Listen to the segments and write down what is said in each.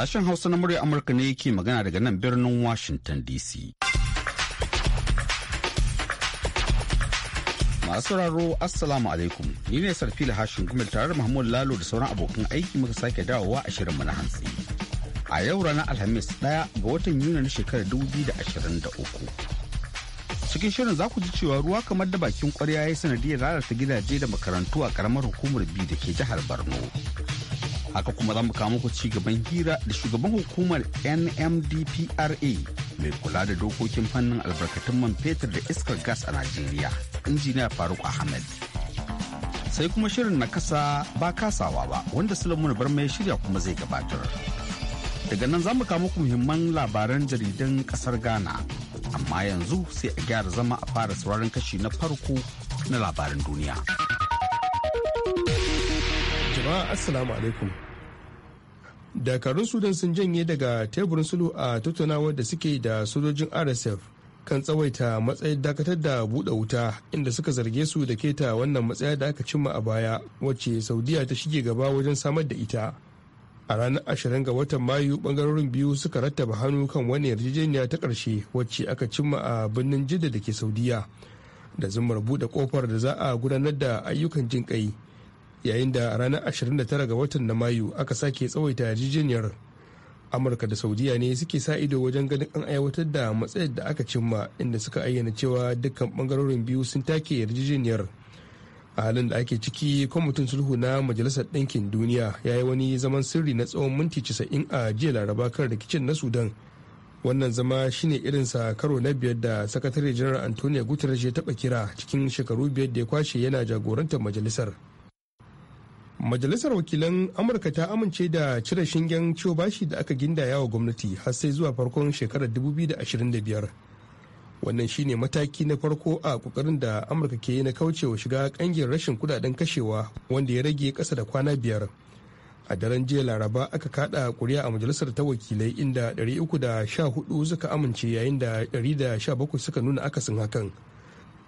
Sashen Hausa na murya Amurka ne yake magana daga nan birnin Washington DC. Masu sauraro Assalamu alaikum. Ni ne Sarfila Hashin Gumel tare da Mahmud Lalo da sauran abokan aiki muka sake dawowa a shirinmu na hantsi. A yau ranar Alhamis ɗaya ga watan Yuni na shekarar 2023. cikin shirin za ku ji cewa ruwa kamar da bakin kwarya ya yi sanadiyar lalata gidaje da makarantu a karamar hukumar biyu da ke jihar borno haka kuma za mu kawo muku ci gaban hira da shugaban hukumar nmdpra mai kula da dokokin fannin albarkatun man fetur da iskar gas a najeriya injiniya faruk ahmed sai kuma shirin na kasa ba kasawa ba wanda sulaimun bar ya shirya kuma zai gabatar daga nan za mu kawo muku muhimman labaran jaridan kasar ghana amma yanzu sai a gyara zama a fara sauraron kashi na farko na labaran duniya. jama'a assalamu alaikum dakarun sudan sun janye daga teburin sulhu a tattaunawar da suke da sojojin rsf kan tsawaita matsayin dakatar da buɗe wuta inda suka zarge su da keta wannan matsaya da aka cimma a baya wacce saudiya ta shige gaba wajen samar da ita a ranar ashirin ga watan mayu bangarorin biyu suka rattaba hannu kan wani yarjejeniya ta ƙarshe wacce aka cimma a birnin jidda da ke saudiya da zumar buɗe kofar da za a gudanar da ayyukan jin ƙai yayin da a ranar 29 ga watan na mayu aka sake tsawaita yarjejeniyar amurka da saudiya ne suke sa ido wajen ganin an aiwatar da matsayar da aka cimma inda suka ayyana cewa dukkan bangarorin biyu sun take yarjejeniyar a halin da ake ciki kwamitin sulhu na majalisar ɗinkin duniya ya yi wani zaman sirri na tsawon minti 90 a jiya laraba kan rikicin na sudan wannan zama shine irinsa karo na biyar da sakatare janar antonio guterres ya taɓa kira cikin shekaru biyar da ya kwashe yana jagorantar majalisar Majalisar wakilan Amurka ta amince da cire shingen ciwo bashi da aka gindaya wa gwamnati har sai zuwa farkon shekarar 2025. Wannan shine mataki na farko a kokarin da Amurka ke yi na kaucewa shiga kangin rashin kudaden kashewa wanda ya rage kasa da kwana biyar. A daren jiya Laraba aka kada kuri'a a majalisar ta wakilai inda 314 suka amince yayin da 117 suka nuna akasin hakan.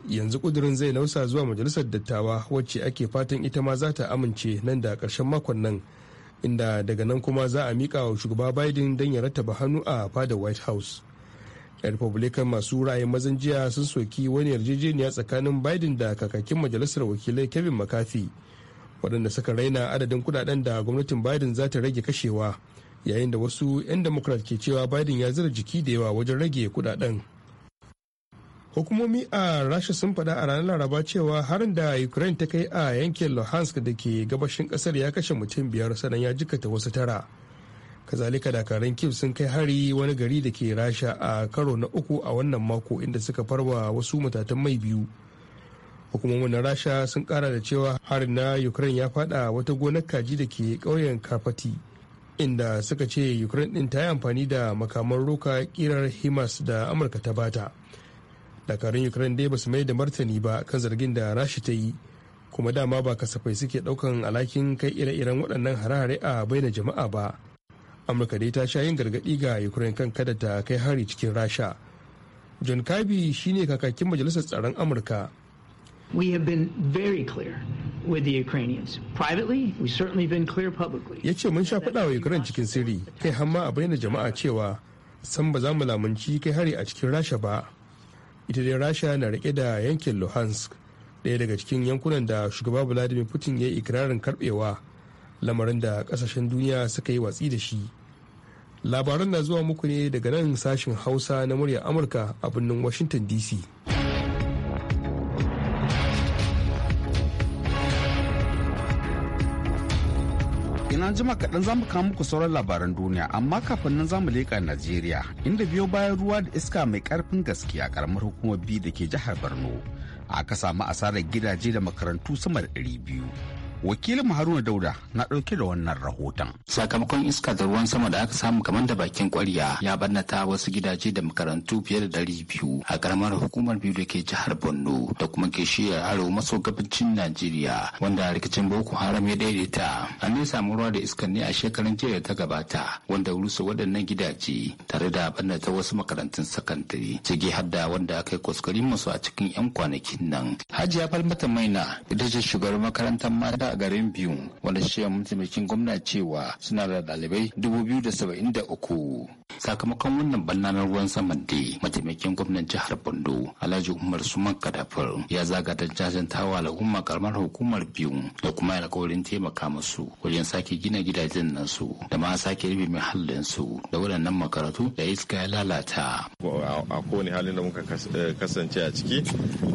yanzu kudirin zai nausa zuwa majalisar dattawa wacce ake fatan ita ma za ta amince nan da karshen makon nan inda daga nan kuma za a mika wa shugaba biden don ya rattaba hannu a fadar white house yan republican masu ra'ayin mazan jiya sun soki wani yarjejeniya tsakanin biden da kakakin majalisar wakilai kevin mccarthy waɗanda suka raina adadin kudaden da gwamnatin biden za ta rage kashewa yayin da wasu 'yan democrat ke cewa biden ya zira jiki da yawa wajen rage kudaden hukumomi a rasha sun faɗa a ranar laraba cewa harin da ukraine ta kai a yankin luhansk da ke gabashin ƙasar ya kashe mutum biyar sannan ya jikata wasu tara kazalika dakarun kiv sun kai hari wani gari da ke rasha a karo na uku a wannan mako inda suka farwa wasu matatan mai biyu hukumomin na rasha sun kara da cewa harin na ukraine ya faɗa wata gonar kaji da ke ƙauyen kafati inda suka ce ukraine ɗin ta yi amfani da makaman roka kirar himas da amurka ta bata dakarun ukraine dai basu mai da martani ba kan zargin da rashi ta yi kuma dama ba kasafai suke daukan alhakin kai ire-iren waɗannan hare-hare a baina jama'a ba amurka dai ta sha yin gargaɗi ga ukraine kan kada ta kai hari cikin rasha john kirby shine kakakin majalisar tsaron amurka We have been very clear with the Ukrainians. Privately, we certainly been clear publicly. Ya ce mun sha faɗa wa Ukraine cikin sirri, kai hamma a bayyana jama'a cewa san ba za mu lamunci kai hari a cikin Rasha ba. ita dai rasha na rike da yankin luhansk ɗaya daga cikin yankunan da shugaba vladimir putin ya yi ikirarin karbewa lamarin da kasashen duniya suka yi watsi da shi labaran na zuwa muku ne daga nan sashin hausa na murya amurka a birnin washington dc nan jima kaɗan zamu mu kawo muku sauran labaran duniya amma kafin nan zamu mu leƙa Najeriya inda biyo bayan ruwa da iska mai ƙarfin gaskiya ƙaramar hukumar biyu da ke jihar Borno aka samu asarar gidaje da makarantu sama da ɗari biyu wakilin haruna dauda na ɗauke da wannan rahoton sakamakon iska da ruwan sama da aka samu kamar da bakin kwarya ya barnata wasu gidaje da makarantu fiye da dari biyu a karamar hukumar biyu da ke jihar borno da kuma ke shiyar arewa maso gabacin najeriya wanda rikicin boko haram ya daidaita an ne samu ruwa da iska ne a shekarun jiya ta gabata wanda rusa waɗannan gidaje tare da barnata wasu makarantun sakandare ciki har da wanda aka yi kuskure musu a cikin 'yan kwanakin nan hajiya falmata maina ita ce shugabar makarantar mata a garin biyu wanda shi mataimakin gwamna cewa suna da ɗalibai dubu biyu da saba'in da uku sakamakon wannan banna ruwan saman da mataimakin gwamnan jihar Bondo Alhaji Umar Suman Kadafur ya zaga don tawa al'umma karamar hukumar biyu da kuma alkawarin taimaka masu wajen sake gina gidajen nasu da ma sake rufe muhallin su da waɗannan makarantu da iska ya lalata. A kowane halin da muka eh, kasance a ciki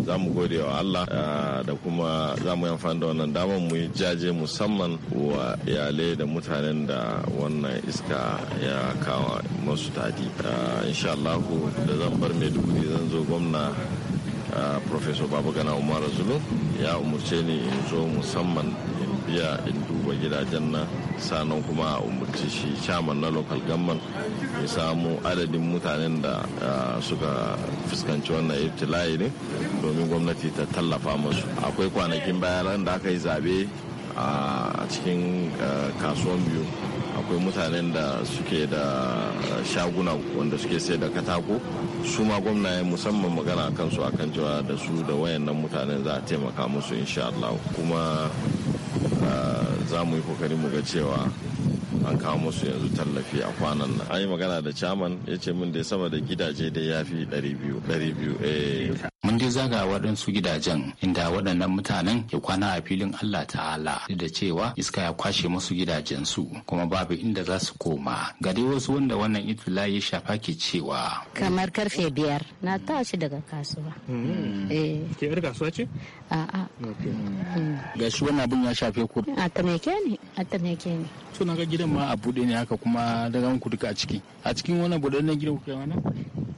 za mu gode wa Allah eh, da kuma za mu yi amfani da wannan damar mu yi jaje musamman wa yale da mutanen da wannan iska ya kawo masu tadi ah, insha Allahu da zan bar maiduguri zan zo gwamna ah, professor gana umar zulu ya umarce ni in zo musamman in biya in duba gidajen nan sannan kuma a umarci shi chairman na local government ya samu adadin mutanen da suka fuskanci wannan iftila'i ne domin gwamnati ta tallafa masu akwai kwanakin bayan da aka yi zabe a cikin kasuwan biyu akwai mutanen da suke da shaguna wanda suke sai da katako su ma gwamna musamman magana kansu kan cewa da su da wayannan mutanen za a taimaka musu insha Allah kuma za mu yi kokari mu ga cewa an kawo musu yanzu tallafi a kwanan nan an yi magana da caman, ya ce min da sama da gidaje da ya fi 200 mun dai zaga waɗansu gidajen inda waɗannan mutanen ke kwana a filin Allah ta'ala da cewa iska ya kwashe musu gidajensu kuma babu inda za su koma ga dai wasu wanda wannan itula ya shafa ke cewa kamar karfe biyar na tashi daga kasuwa hmm. eh. ke yar kasuwa ce a'a hmm. ga shi wannan abin ya shafe ku a tameke ne a tameke ne suna ga gidan ma a buɗe ne haka kuma daga muku duka a ciki a cikin wannan buɗe gidan ku kai wannan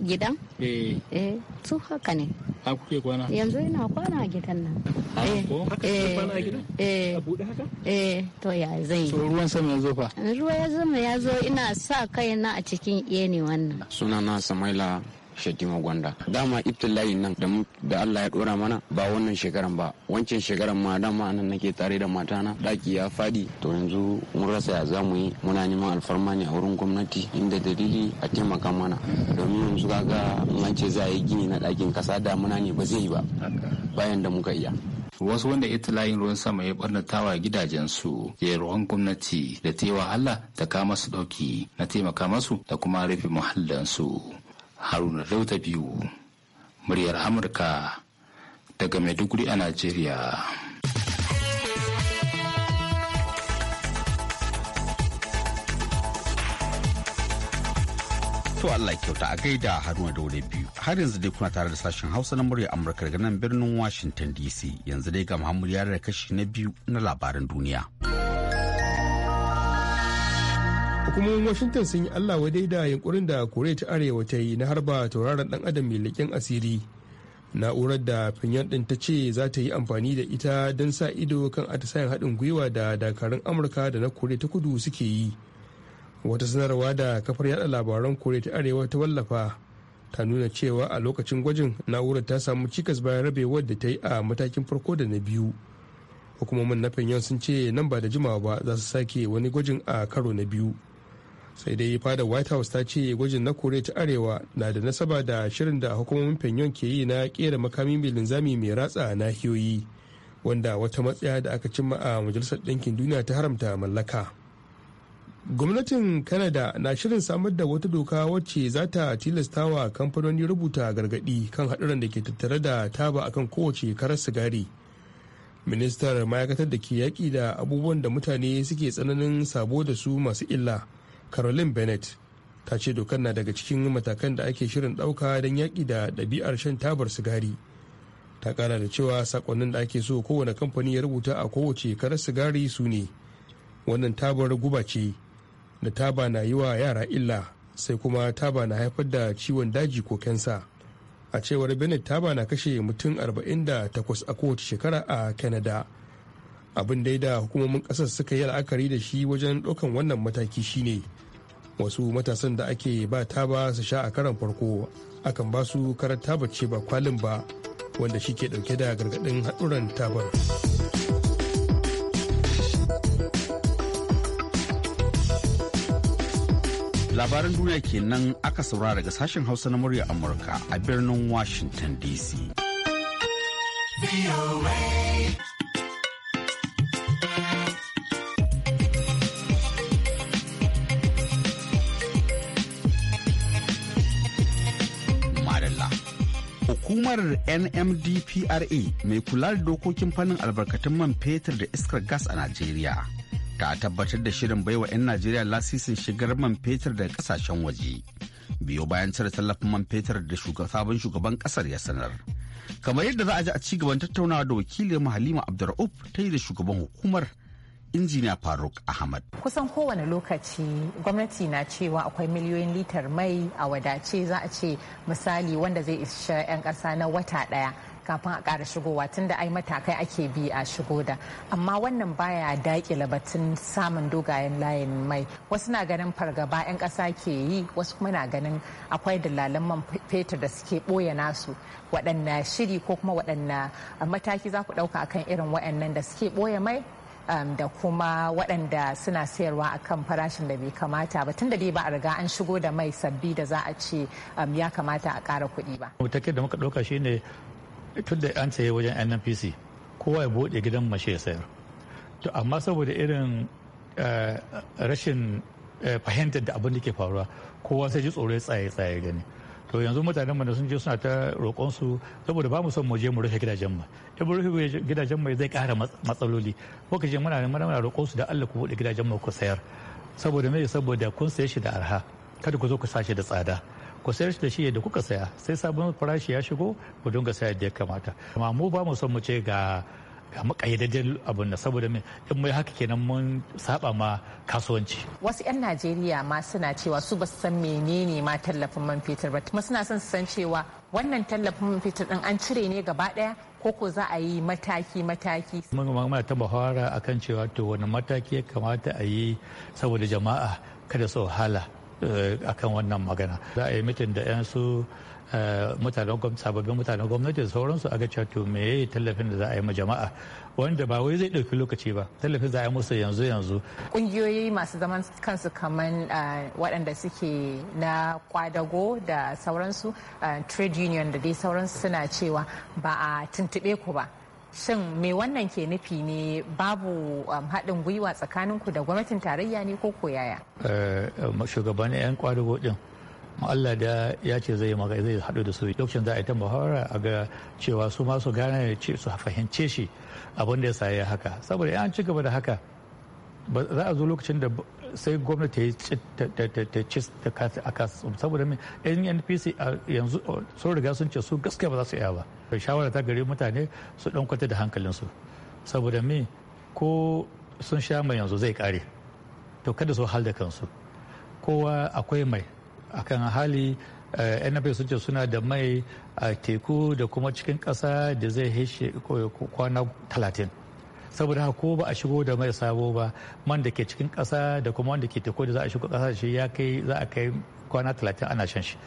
gidan? Eh. Eh, su haka ne. A kuke kwana? Yanzu ina kwana a gidan nan. Eh. Haka eh, kwana a gidan? Eh. A buɗe haka? Eh, to ya zai. So ruwan sama ya zo fa? Ruwa ya zama ya zo ina sa kaina a cikin iya ne wannan. Sunana Samaila shatima gwanda dama ibtila'i nan da allah ya dora mana ba wannan shekaran ba wancan shekaran ma dama nan nake tare da matana daki ya fadi to yanzu mun rasa ya zamu yi muna neman alfarma ne a wurin gwamnati inda dalili a taimaka mana domin yanzu kaga an ce za a yi gini na ɗakin kasa damuna ne ba zai yi ba bayan da muka iya wasu wanda itilayin ruwan sama ya barnatawa gidajensu ya ruwan gwamnati da ta yi wahala ta kama su dauki na taimaka masu da kuma rufe muhallansu. haruna dauta biyu muryar amurka daga maiduguri a najeriya To Allah kyauta a gaida Haruna Daure biyu. Har yanzu dai kuna tare da sashen Hausa na murya Amurka daga nan birnin Washington DC. Yanzu dai ga Muhammadu ya kashi na biyu na labaran duniya. hukumomin washington sun yi allah wadai da yunkurin da koriya ta arewa ta yi na harba tauraron dan adam mai leƙen asiri na'urar da pinyon din ta ce za ta yi amfani da ita don sa ido kan atisayen haɗin gwiwa da dakarun amurka da na koriya ta kudu suke yi wata sanarwa da kafar yada labaran koriya ta arewa ta wallafa ta nuna cewa a lokacin gwajin na'urar ta samu cikas bayan rabewar da ta yi a matakin farko da na biyu hukumomin na pinyon sun ce nan ba da jimawa ba za su sake wani gwajin a karo na biyu sai dai fadar white house ta ce gwajin na koriya ta arewa na da nasaba da shirin da hukumomin pyongyang ke yi na kera makami mai linzami mai ratsa nahiyoyi wanda wata matsaya da aka cimma a majalisar ɗinkin duniya ta haramta mallaka gwamnatin canada na shirin samar da wata doka wacce za ta tilasta wa kamfanoni rubuta gargadi kan haɗuran da ke tattare da taba akan kowace karar sigari ministar ma'aikatar da ke yaƙi da abubuwan da mutane suke tsananin sabo da su masu illa caroline bennett ta ce dokar na daga cikin matakan da ake shirin ɗauka don yaƙi da ɗabi'ar shan tabar sigari ta ƙara da cewa sakonnin da ake so kowane kamfani ya rubuta a kowace karar sigari su ne wannan tabar guba ce da taba na yi wa yara illa sai kuma taba na haifar da ciwon daji ko kansa a cewar bennett taba na kashe mutum arba'in da takwas a kowace shekara a canada abin da hukumomin kasar suka yi la'akari da shi wajen ɗaukan wannan mataki shine wasu matasan da ake ba taba su sha a karan farko akan ba su karar taba ce ba kwalin ba wanda shi ke dauke da gargadin haɗuran tabar labaran duniya kenan aka saurara daga sashen hausa na murya amurka a birnin washington dc Hukumar NMDPRA mai kula da dokokin fannin albarkatun man fetur da iskar gas a Najeriya ta tabbatar da shirin baiwa 'yan Najeriya lasisin shigar man fetur daga kasashen waje. Biyo bayan cire tallafin man fetur da sabon shugaban kasar ya sanar. Kamar yadda za a ji a ci gaban tattaunawa da wakilin Halima Abdur'uf ta yi da shugaban hukumar injiniya faruk ahmad kusan kowane lokaci gwamnati na cewa akwai miliyoyin litar mai a wadace za a ce misali wanda zai isa 'yan ƙasa na wata ɗaya kafin a kara shigowa tunda da ai matakai ake bi a shigo da amma wannan baya daƙila batun samun dogayen layin mai wasu na ganin fargaba 'yan ƙasa ke yi wasu kuma na ganin akwai dalalan man fetur da suke ɓoye nasu waɗanna shiri ko kuma waɗanna mataki za ku ɗauka akan irin waɗannan da suke ɓoye mai da kuma waɗanda suna sayarwa a kan farashin da bai kamata ba tunda dai ba a riga an shigo da mai sabbi da za a ce ya kamata a ƙara kuɗi ba. Take da muka ɗauka ne tun da an saye wajen NNPC kowa ya buɗe gidan mace ya sayar. To amma saboda irin eh, rashin eh, fahimtar da abin da ke faruwa kowa sai ji tsoro ya tsaye tsaye gani. to yanzu mutanen mu da sun je suna ta roƙon su saboda ba mu son mu je mu rufe gidajen mu in mu rufe gidajen mu zai ƙara matsaloli ko ka je muna muna roƙon su da Allah ku buɗe gidajen mu ku sayar saboda me saboda kun sayar shi da arha kada ku zo ku sashi da tsada ku sayar shi da shi da kuka saya sai sabon farashi ya shigo ku dinga sayar da ya kamata amma mu ba mu son mu ce ga ga makayyadajen abin da saboda in mai haka kenan mun saba ma kasuwanci wasu 'yan najeriya ma suna cewa su ba su san menene ma tallafin man fetur ba kuma suna son su san cewa wannan tallafin man fetur din an cire ne gaba daya ko ko za a yi mataki mataki mun ma ta bahara akan cewa to wani mataki ya kamata a yi saboda jama'a kada su wahala Eh, akan wannan magana za a yi mitin da 'yan su eh, mutanen gwamnati sababbin mutanen gwamnati da sauransu a ga cewa to me tallafin da za a yi ma jama'a wanda ba wai zai ɗauki lokaci ba tallafin za a yi musu yanzu yanzu ƙungiyoyi masu zaman kansu kamar eh, waɗanda suke na kwadago da sauransu trade union da dai sauransu suna cewa ba a tuntuɓe ku ba shin me wannan ke nufi ne babu um, haɗin gwiwa tsakaninku da gwamnatin tarayya ne ko koyaya eh, um, shugaban 'yan kwadugo din Allah da ya ce zai maka zai haɗu da su lokacin za a yi ta muhawara a ga cewa su ma su gane su fahimce shi abin da ya haka saboda an ci gaba da haka za a zo lokacin da sai gwamnati ta yi ta ci a kasu saboda yan npc yanzu sun riga sun ce su gaskiya ba za su iya ba shawara ta gari mutane su dan kwata da hankalinsu saboda mai ko sun sha mai yanzu zai kare to kada su hal da kansu kowa akwai mai akan hali eh, npc sun ce suna da mai a teku da kuma cikin kasa da zai heshe kwana talatin saboda ko ba a shigo da mai sabo ba man da ke cikin kasa da kuma wanda ke teku da za a shigo ƙasa shi ya kai za a kai kwana talatin ana shan shi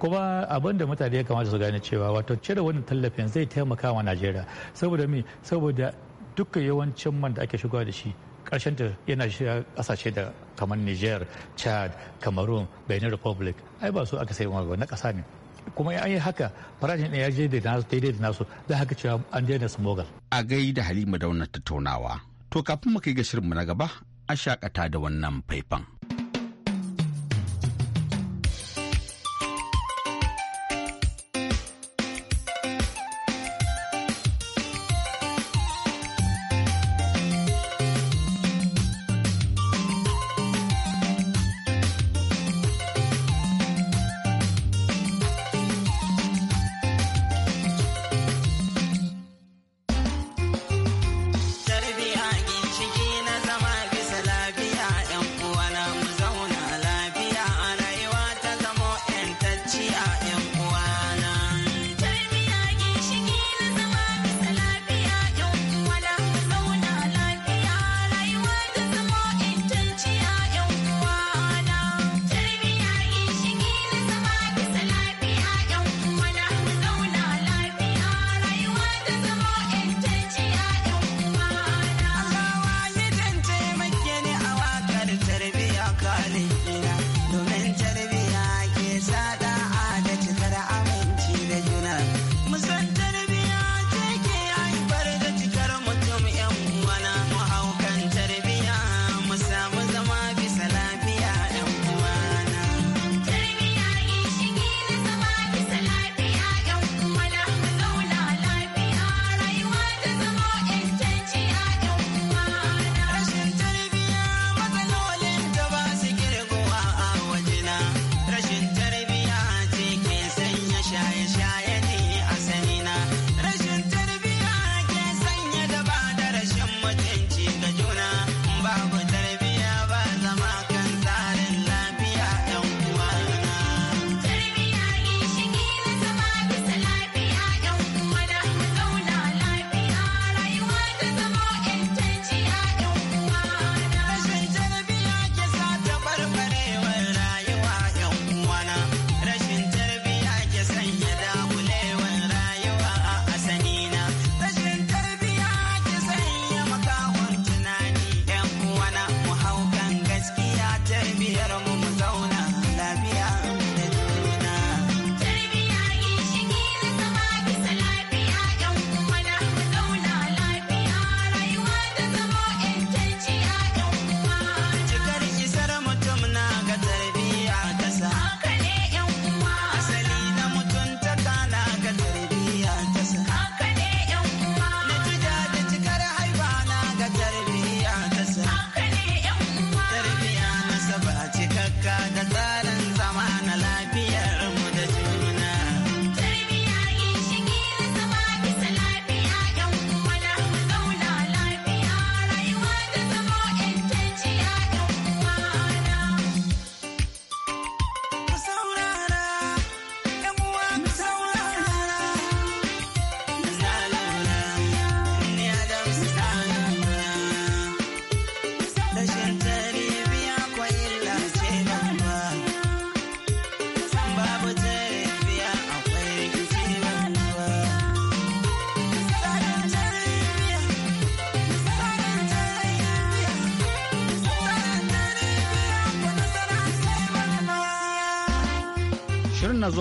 kuma abin da mutane ya kamata su gane cewa wato cire wannan tallafin zai taimaka wa najeriya saboda mi saboda dukkan yawancin man da ake shigowa da shi karshen ta yana shiga kasashe da kamar niger chad cameroon benin republic ai ba su aka wa ba na kasa ne kuma ya yi haka farashin ya je da nasu daidai da nasu za haka cewa an daina smogal. a gai da halima da wannan tattaunawa to kafin mu kai ga shirinmu na gaba a shakata da wannan faifan.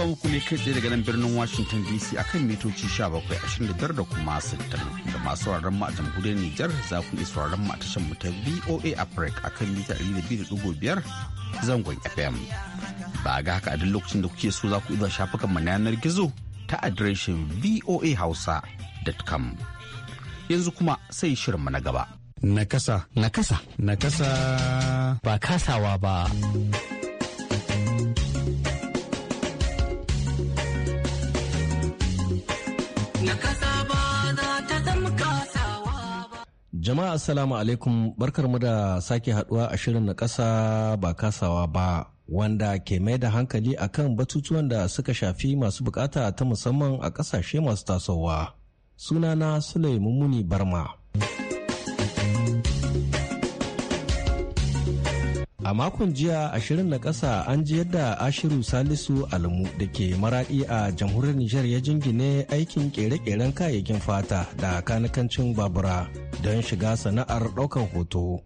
sauran ku ne kai tsaye daga nan birnin Washington DC akan mitoci 1725 da kuma 60 da masu sauraron mu a jamhuriyar Nijar za ku iya sauraron mu a tashar mu ta VOA Africa akan mita 200.5 zangon FM. Ba ga haka a duk lokacin da kuke so za ku iya shafukan mu na yanar gizo ta adireshin voahausa.com. Yanzu kuma sai shirin mu na gaba. Nakasa. Nakasa. Nakasa. Ba kasawa ba. Jama'a Assalamu alaikum barkarmu da sake haduwa a shirin na kasa ba kasawa ba wanda ke mai da hankali akan batutuwan da suka shafi masu bukata ta musamman a kasashe masu tasowa. Sunana Sulaimu Muni Barma. A makon jiya a shirin na ƙasa an ji yadda Ashiru Salisu Alamu da ke maraɗi a jamhuriyar Nijar ya jingine aikin ƙere-ƙeren kayayyakin fata da kanikancin babura don shiga sana'ar ɗaukan hoto.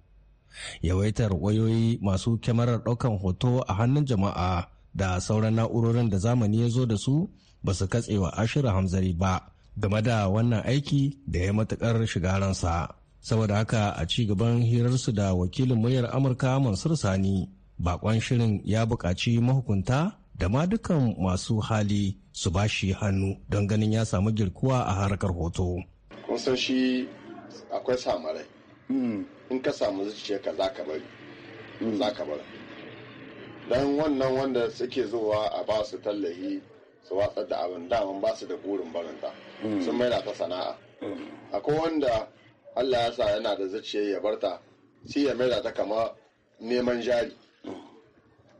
Yawaitar wayoyi masu kyamarar ɗaukan hoto a hannun jama'a da sauran na'urorin da zamani ya zo da su ba su wa Ashiru Hamzari ba game da wannan aiki da ya matukar shiga ransa. saboda haka a ci gaban hirarsu da wakilin muryar amurka mansur sani bakon shirin ya buƙaci mahukunta da ma dukan masu hali su ba shi hannu don ganin ya samu girkuwa a harkar hoto kusan shi akwai samarai hmm. in ka samu zuciya ka za ka bari hmm. za ka bari don wannan wanda suke zuwa a ba su tallahi su watsar da abin daman ba su da burin barinta hmm. sun maida ta sana'a akwai wanda Allah ya sa yana da zuciya ya barta sai ya maida ta kama neman jari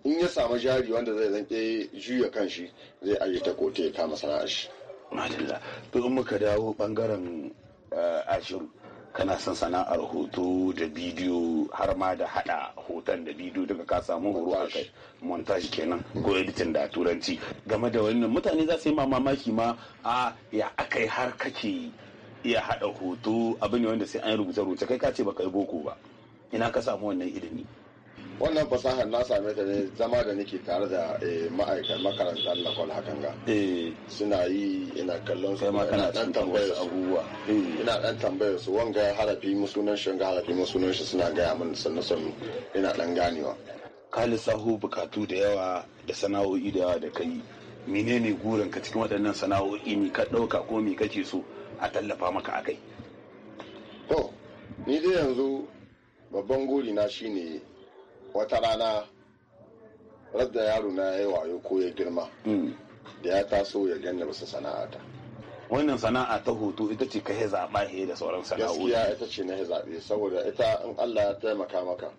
in ya samu jari wanda zai zanke juya kan shi zai aje ta kote ya kama sana'ar shi madalla to in muka dawo bangaren eh, ashiru kana son sana'ar hoto da bidiyo har ma da hada hoton da bidiyo daga ka samu horo a kai montage kenan ko editing da turanci game da wannan mutane za su yi mamaki ma a ya akai har kake iya haɗa hoto abin ne wanda sai an rubuta rubuta kai ka ce baka yi boko ba ina ka samu wannan ilimi wannan fasahar na same ta ne zama da nake tare da eh, ma'aikatan makarantar kwal hakan ga eh. suna yi ina kallon su kana dan tambayar su abubuwa hmm. ina dan tambayar su wanga ya harafi sunan shi ga harafi sunan shi suna gaya min sannu san ina dan ganewa ka sahu bukatu da yawa da sana'o'i da yawa da kai menene gurin ka cikin waɗannan sana'o'i mi ka ɗauka ko me kake so a tallafa maka a kai to ni dai yanzu babban guri na shine wata rana radda yaro na ya wayo ko ya girma mm. da ya taso ya ganna basu sana'ata wannan sana'a ta hoto ita ce ka zaɓa he da sauran sana'o'i gaskiya ita ce na zaɓe saboda ita in Allah ya taimaka maka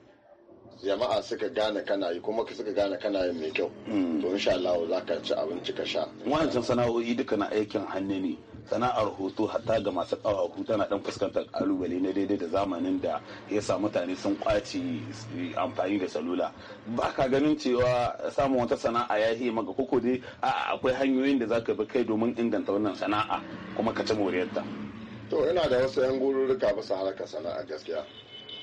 jama'a suka gane kana yi kuma ka suka gane kana yi mai kyau mm. to insha Allah za ka ci abinci ka sha wannan sana'o'i duka na aikin hannu ne sana'ar hoto hatta ga masu kawo hoto na dan fuskantar kalubale na daidai da zamanin da ya sa mutane sun kwaci eh, amfani da salula ba ka ganin cewa samun wata sana'a ya yi maka koko dai a akwai hanyoyin da zaka bi kai domin inganta wannan sana'a kuma ka ci moriyarta to ina da wasu yan gururruka su harkar sana'a gaskiya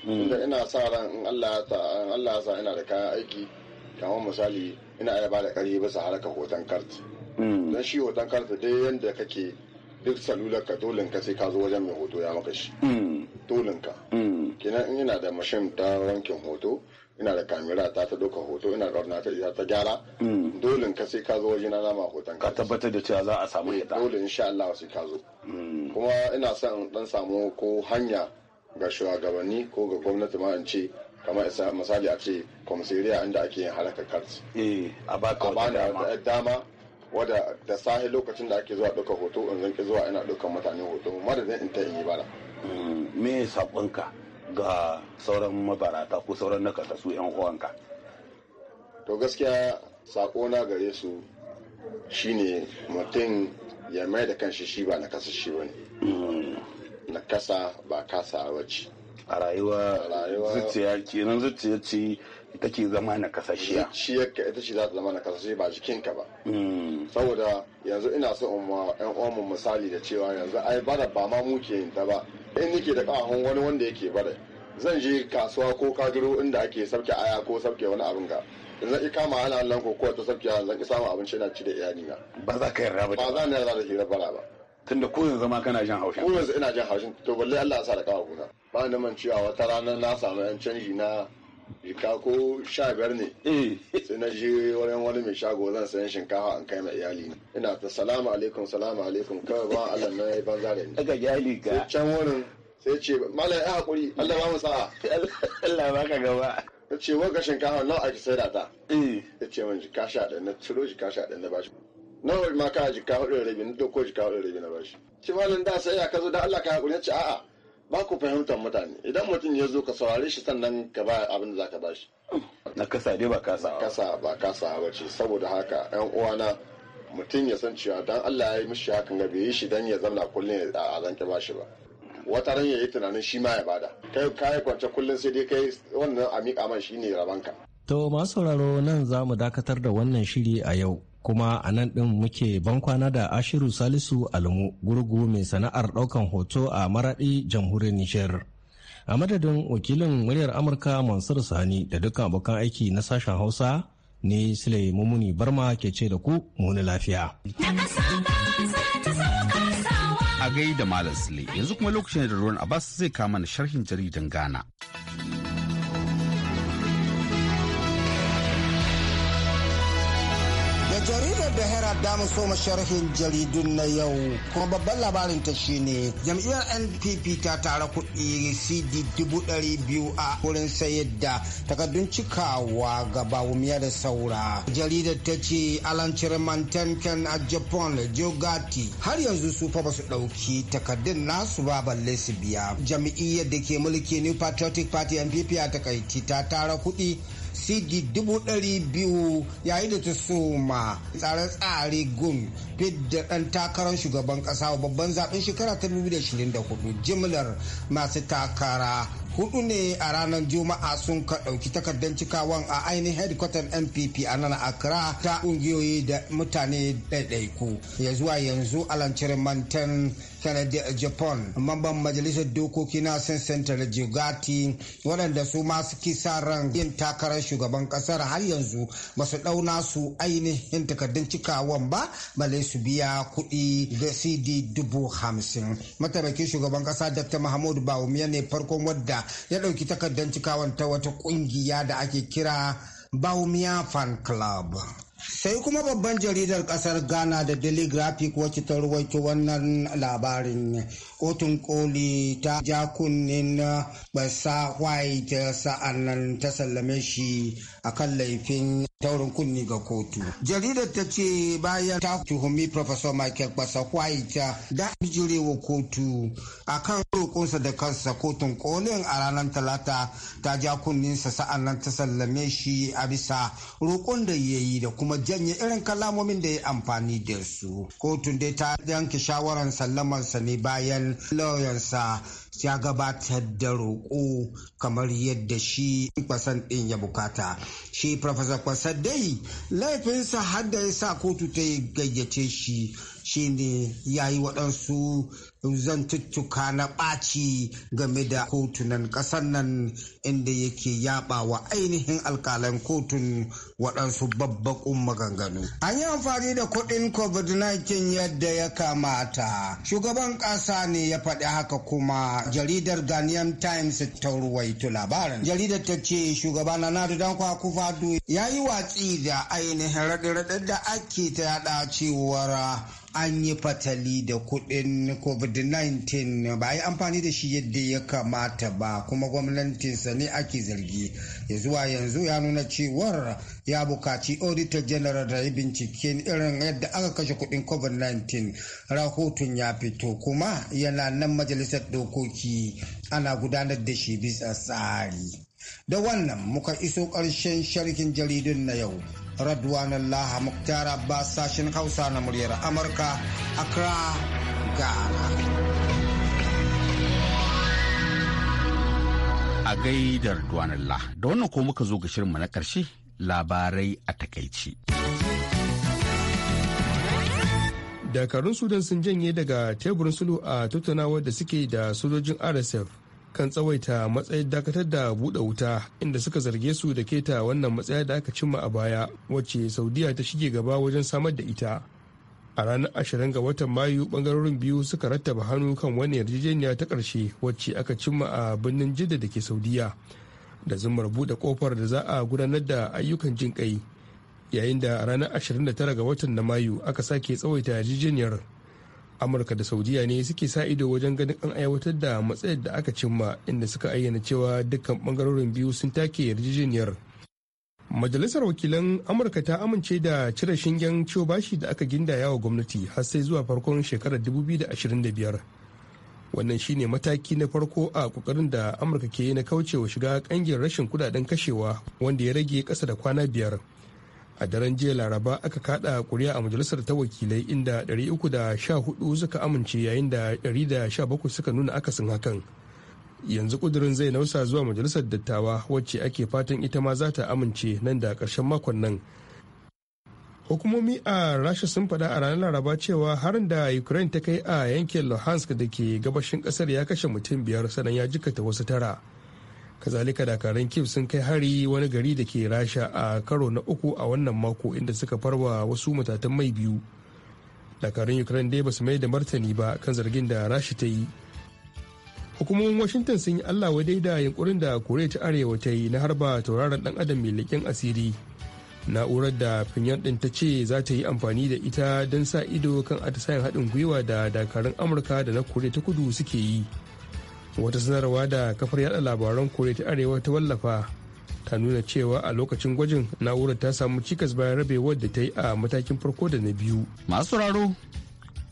inda hmm. ina sa ran in Allah ya sa ina da kayan aiki kamar misali ina iya ba da ƙarfi su harkar hoton kart hmm. don shi hoton kart dai yadda kake duk salular ka dolin ka sai ka zo wajen mai hoto ya maka shi tolin mm. ka mm. kenan in yana da mashin ta wankin hoto ina da kamera ta ta doka hoto ina da ta iya ta gyara mm. dolin ka sai ka zo wajen na zama hoton ka tabbatar da cewa za a samu hita eh, dolin insha Allah sai ka zo kuma ina son dan samu ko hanya ga shugabanni ko ga gwamnati ma in ce kamar misali a ce komisariya inda ake yin harkar kart eh, a baka dama wadda da sahi lokacin da ake zuwa ɗauka hoto in zanke zuwa ina ɗaukan mutane hoto madadin in ta yi bara. Mm, me saƙonka ga sauran mabarata ko sauran na su yan uwanka. to gaskiya saƙo na gare su shine mutum ya mai da kanshi shi ba na kasa shi wani. na kasa ba mm. kasa ba a rayuwa zuciya kenan zuciya ce ita ce zama na kasashiya ka ita ce za ta zama na kasashe ba jikinka ba hmm. saboda yanzu ina so in ma yan uwanmu misali da cewa yanzu ai bada ba ma ke yin ta ba in nake da kahon wani wanda yake bada zan je kasuwa ko kagiro inda ake sauke aya ko sauke wani abin ga zan yi kama ana nan ko ta sauke zan ki samu abinci na ci da iyali na ba za ka yarda ba ba za na yarda da hira bara ba tunda ko yanzu ma kana jin haushin ko yanzu ina jin haushin to balle Allah ya sa da kawo kuna ba ni man cewa wata rana na samu yan canji na jika ko sha biyar ne eh. sai na je wurin wani mai shago zan sayan shinkafa an kai ma iyali ina ta salamu alaikum salamu alaikum kawai ba Allah na yi banza da ni daga iyali ka can wurin sai ce malam ya hakuri Allah ba mu sa'a Allah ba ka gaba ta ce wanga shinkafa nawa ake da ta eh. ta ce min jika sha da na ciro jika sha da na bashi nawa ma ka jika hudu da rabi na ɗauko jika hudu da rabi na bashi ce malam da sai ya ka zo da Allah ka hakuri ya ce a'a ba ku fahimtar mutane idan mutum ya zo ka saurare shi sannan ka ba abin da za ka ba shi. na kasa dai ba kasa kasa ba kasa ba ce saboda haka yan uwana mutum ya san cewa dan Allah ya yi mishi hakan ga bai yi shi dan ya zamna kullum a zanke ba shi ba wata ran ya yi tunanin shi ma ya bada kai kai kwance kullum sai dai kai wannan a miƙa man ne rabanka to masu sauraro nan za mu dakatar da wannan shiri a yau kuma a nan ɗin muke bankwana da ashiru salisu alamu gurgu mai sana'ar ɗaukan hoto a maraɗi jamhuriyar nijar a madadin wakilin muryar amurka mansur sani da dukkan abokan aiki na sashen hausa ne sule mumuni barma ke ce da ku muni lafiya a gai da malam sule yanzu kuma lokacin da ruwan abbas zai kama na sharhin jaridan ghana Da jaridar da hera damu soma sharhin jaridun na yau kuma babban labarin ta shine jam'iyyar NPP ta tara kuɗi CD dubu ɗari biyu a wurin sayar da takardun cikawa ga bawumiya da saura. Jaridar ta ce Alan Chirman a Japan Jogati har yanzu su fa basu ɗauki takardun nasu ba balle su biya. Jam'iyyar da ke mulki New Patriotic Party NPP a takaiti ta tara kuɗi CD dubu ɗari biyu yayin da ta soma tsare-tsare gun fidda ɗan takarar shugaban ƙasa babban zaɓen shekara ta 2024 jimlar masu takara hudu ne a ranar juma'a sun ka ɗauki takardar cikawan a ainihin headquarter npp a nan accra ta ƙungiyoyi da mutane ɗaiɗaiku ya zuwa yanzu alancirin mantan a japan mamban majalisar dokoki na sansantar jigati waɗanda su masu suke sa ran yin takarar shugaban ƙasar har yanzu ba su ɗauna su ainihin takardun cikawan ba bale su biya kuɗi da cd dubu hamsin mataimakin shugaban ƙasa dr mahmud bawumiya ne farkon wadda ya ɗauki takardun cikawan ta wata ƙungiya da ake kira bawumiya fan club sai kuma babban jaridar kasar ghana da daily graphic wacce ta ruwaito wannan labarin kotun koli ta ja kunnen basa white sa'annan ta sallame shi kan laifin taurin kunni ga kotu jaridar ta ce bayan ta tuhumi professor michael basa white da bijirewa kotu A kan roƙonsa da kansa kotun kolin a ranar talata ta ja kunninsa sa'annan ta sallame shi a bisa roƙon da ya yi da kuma janye irin kalamomin da ya amfani da su kotun dai ta yanke shawarar sallamarsa ne bayan Michael ya gabatar da roƙo kamar yadda shi kwasan ɗin ya bukata. Shi Profesor Kwasa dai laifinsa har da ya sa kotu ta gayyace shi shine ya yi waɗansu zantuttuka na ɓaci game da kotunan ƙasar nan inda yake yaba wa ainihin alkalan kotun waɗansu babbaƙun maganganu. An yi amfani da kuɗin COVID-19 yadda ya kamata. Shugaban ƙasa ne ya faɗi haka kuma jaridar Ghanaian Times ta ruwaito labarin. Jaridar ta ce shugaba na Nadu Dankwa akufo ya yi watsi da ainihin raɗe-raɗe da ake ta yaɗa cewar an yi fatali da kudin covid-19 ba a yi amfani da shi yadda ya kamata ba kuma gwamnatinsa ne ake zargi ya zuwa yanzu ya nuna cewar ya bukaci auditor general da ya binciken irin yadda aka kashe kudin covid-19 rahoton ya fito kuma yana nan majalisar dokoki ana gudanar da shi bisa tsari Da wannan muka iso ƙarshen sharhin jaridun na yau. Radwanan Laha Muktara ba sashen Hausa na muryar Amurka, Accra, Ghana. A gaidar da wannan ko muka zo ga shirinmu na ƙarshe labarai a takaici. dakarun sudan sun janye daga teburin sulhu a tattaunawar da suke da sojojin rsf kan tsawaita matsayin dakatar da buɗe wuta inda suka zarge su da keta wannan matsaya da aka cimma a baya wacce saudiya ta shige gaba wajen samar da ita a ranar ashirin ga watan mayu bangarorin biyu suka rattaba hannu kan wani yarjejeniya ta ƙarshe wacce aka cimma a birnin jidda da ke saudiya da zumar buɗe kofar da za a gudanar da ayyukan jin yayin da a ranar 29 ga watan na mayu aka sake tsawaita yarjejeniyar amurka da saudiya ne suke sa ido wajen ganin an aiwatar da matsayar da aka cimma inda suka ayyana cewa dukkan bangarorin biyu sun take yarjejeniyar majalisar wakilan amurka ta amince da cire shingen ciwo bashi da aka gindaya wa gwamnati har sai zuwa farkon shekarar 2025 wannan shine mataki na farko a kokarin da amurka ke yi na kaucewa shiga kangin rashin kudaden kashewa wanda ya rage kasa da kwana biyar a daren jiya laraba aka kada kuri'a a majalisar ta wakilai inda 314 suka amince yayin da 117 suka nuna akasin hakan yanzu kudurin zai nausa zuwa majalisar dattawa wacce ake fatan ita ma za ta amince nan da karshen makon nan hukumomi a rasha sun faɗa a ranar laraba cewa harin da ukraine ta kai a yankin luhansk da ke gabashin ƙasar ya kashe mutum biyar sannan ya jikata wasu tara kazalika dakaran kif sun kai hari wani gari da ke rasha a karo na uku a wannan mako inda suka farwa wasu matatan mai biyu dakarun ukraine dai basu mai da martani ba kan zargin da rasha ta yi hukumomin washington sun yi allah wa daida yankurin da koriya ta arewa ta yi na harba tauraron dan adam mai leƙen asiri na'urar da pinyon din ta ce za ta yi amfani da ita don sa ido kan atisayen haɗin gwiwa da dakarun amurka da na koriya ta kudu suke yi wata sanarwa da kafar yada labaran kore ta arewa ta wallafa ta nuna cewa a lokacin gwajin na'urar ta samu cikas bayan rabewar da ta yi a matakin farko da na biyu masu raro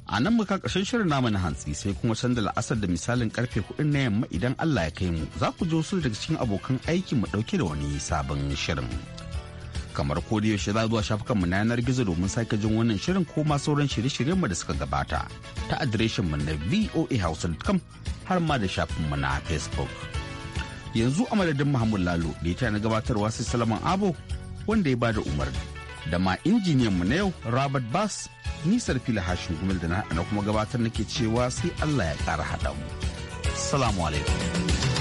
a nan muka ƙarshen shirin namu na hantsi sai kuma sanda la'asar da misalin karfe kuɗin na yamma idan allah ya kai mu za ku ji wasu daga cikin abokan aikin mu ɗauke da wani sabon shirin kamar ko da yaushe za zuwa shafukan mu na yanar gizo domin sake jin wannan shirin ko ma sauran shirye-shiryen mu da suka gabata ta adireshin mu na voahouse.com har ma da shafin mu na facebook yanzu a madadin Muhammad Lalo da ya na gabatarwa sai Salaman Abo wanda ya bada umarni da ma injiniyan mu na yau Robert Bass nisar fila hashin gumil da na kuma gabatar nake cewa sai Allah ya kara haɗa mu. Salamu alaikum.